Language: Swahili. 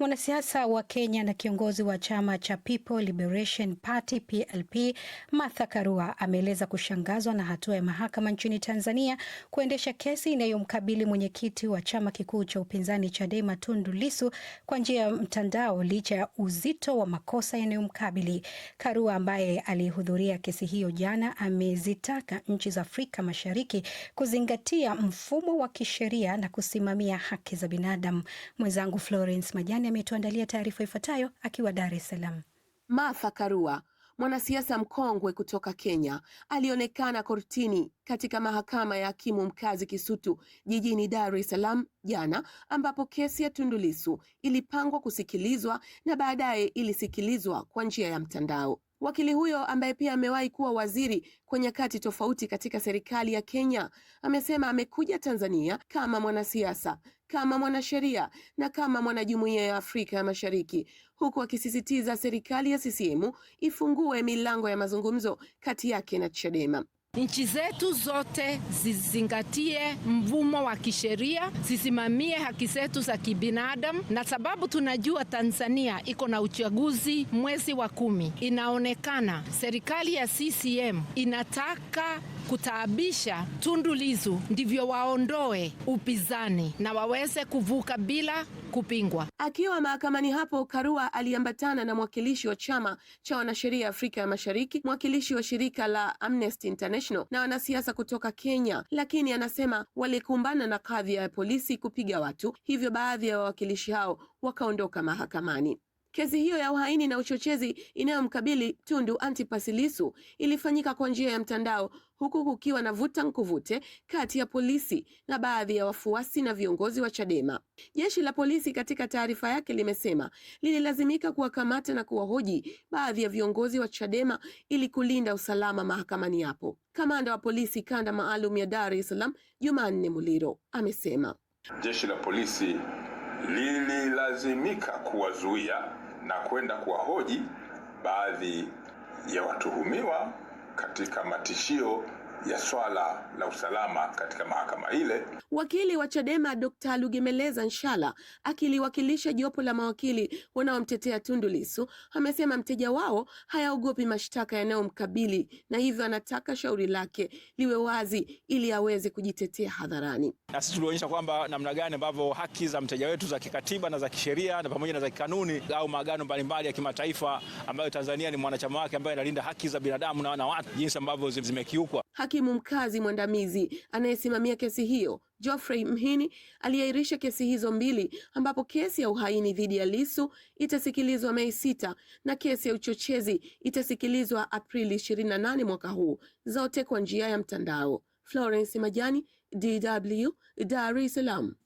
Mwanasiasa wa Kenya na kiongozi wa chama cha People Liberation Party PLP, Martha Karua ameeleza kushangazwa na hatua ya mahakama nchini Tanzania kuendesha kesi inayomkabili mwenyekiti wa chama kikuu cha upinzani Chadema Tundu Lissu kwa njia ya mtandao licha ya uzito wa makosa yanayomkabili. Karua ambaye alihudhuria kesi hiyo jana amezitaka nchi za Afrika Mashariki kuzingatia mfumo wa kisheria na kusimamia haki za binadamu. Mwenzangu Florence Majani ametuandalia taarifa ifuatayo akiwa Dar es Salaam. Martha Karua, mwanasiasa mkongwe kutoka Kenya, alionekana kortini katika mahakama ya hakimu mkazi Kisutu jijini Dar es Salaam jana, ambapo kesi ya Tundu Lissu ilipangwa kusikilizwa na baadaye ilisikilizwa kwa njia ya mtandao. Wakili huyo ambaye pia amewahi kuwa waziri kwa nyakati tofauti katika serikali ya Kenya amesema amekuja Tanzania kama mwanasiasa, kama mwanasheria na kama mwanajumuiya ya Afrika ya Mashariki, huku akisisitiza serikali ya CCM ifungue milango ya mazungumzo kati yake na Chadema. Nchi zetu zote zizingatie mvumo wa kisheria, zisimamie haki zetu za kibinadamu, na sababu tunajua Tanzania iko na uchaguzi mwezi wa kumi. Inaonekana serikali ya CCM inataka kutaabisha Tundu Lissu ndivyo waondoe upinzani na waweze kuvuka bila kupingwa. Akiwa mahakamani hapo, Karua aliambatana na mwakilishi wa chama cha wanasheria Afrika ya Mashariki, mwakilishi wa shirika la Amnesty International na wanasiasa kutoka Kenya, lakini anasema walikumbana na kadhia ya polisi kupiga watu, hivyo baadhi ya wawakilishi hao wakaondoka mahakamani. Kesi hiyo ya uhaini na uchochezi inayomkabili Tundu Antipas Lissu ilifanyika kwa njia ya mtandao huku kukiwa na vuta nkuvute kati ya polisi na baadhi ya wafuasi na viongozi wa Chadema. Jeshi la polisi katika taarifa yake limesema lililazimika kuwakamata na kuwahoji baadhi ya viongozi wa Chadema ili kulinda usalama mahakamani hapo. Kamanda wa polisi kanda maalum ya Dar es Salaam Jumanne Muliro amesema jeshi la polisi lililazimika kuwazuia na kwenda kuwahoji baadhi ya watuhumiwa katika matishio ya swala la usalama katika mahakama ile. Wakili wa Chadema Dr. Lugemeleza Nshala akiliwakilisha jopo la mawakili wanaomtetea Tundu Lissu amesema mteja wao hayaogopi mashtaka yanayomkabili na hivyo anataka shauri lake liwe wazi ili aweze kujitetea hadharani. Na sisi tulionyesha kwamba namna gani ambavyo haki za mteja wetu za kikatiba na za kisheria na pamoja na za kikanuni au maagano mbalimbali ya kimataifa ambayo Tanzania ni mwanachama wake ambayo inalinda haki za binadamu na wanawake jinsi ambavyo zimekiukwa hakimu mkazi mwandamizi anayesimamia kesi hiyo Geoffrey Mhini aliahirisha kesi hizo mbili ambapo kesi ya uhaini dhidi ya Lissu itasikilizwa Mei sita na kesi ya uchochezi itasikilizwa Aprili 28 mwaka huu, zote kwa njia ya mtandao. Florence Majani, DW, Dar es Salaam.